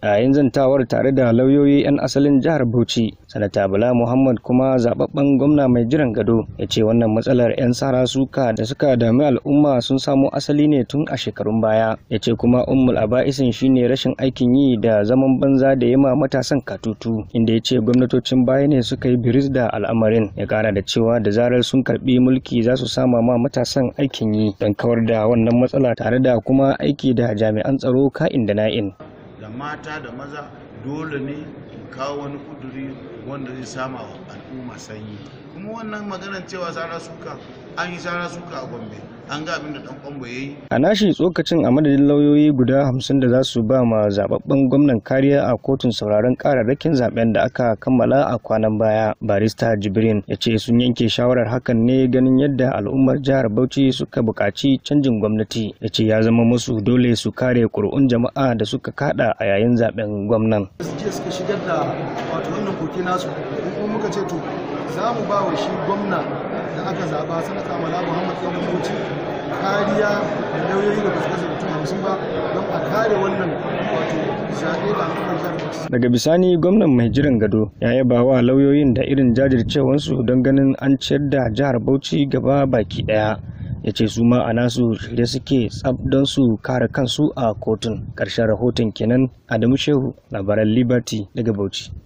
yayin zantawar tare da lauyoyi 'yan asalin jihar bauchi sanata bala muhammad kuma zababben gwamna mai jiran gado ya ce wannan matsalar 'yan sara suka da suka dami al'umma sun samo asali ne tun a shekarun baya ya ce kuma ummul aba'isin shine rashin aikin yi da zaman banza da ma matasan katutu inda ya ce gwamnatocin baya ne suka yi biris da al'amarin ya kara da cewa da zarar sun karbi mulki za su sama ma matasan aikin yi don kawar da wannan matsala tare da kuma aiki da jami'an tsaro ka'in da na'in da mata da maza dole ne kawo wani kuduri wanda zai sama al'umma sanyi kuma wannan maganar cewa sara an yi sara suka a gombe an ga abin da dan kwambo ya a nashi tsokacin a madadin lauyoyi guda hamsin da za su ba ma zababben gwamnan kariya a kotun sauraron kararrakin zaben da aka kammala a kwanan baya barista jibrin ya ce sun yanke shawarar hakan ne ganin yadda al'ummar jihar bauchi suka buƙaci canjin gwamnati ya ce ya zama musu dole su kare ƙuri'un jama'a da suka kada a yayin zaben gwamnan ce to za mu ba wa shi gwamna da aka zaba sanata mala muhammad yau kariya da lauyoyi da basu mutum ba don a kare wannan daga bisani gwamnan mai jiran gado ya yaba wa lauyoyin da irin jajircewansu don ganin an ciyar da jihar bauchi gaba baki ɗaya ya ce su ma a nasu shirye suke tsab don su kare kansu a kotun ƙarshen rahoton kenan adamu shehu labaran liberty daga bauchi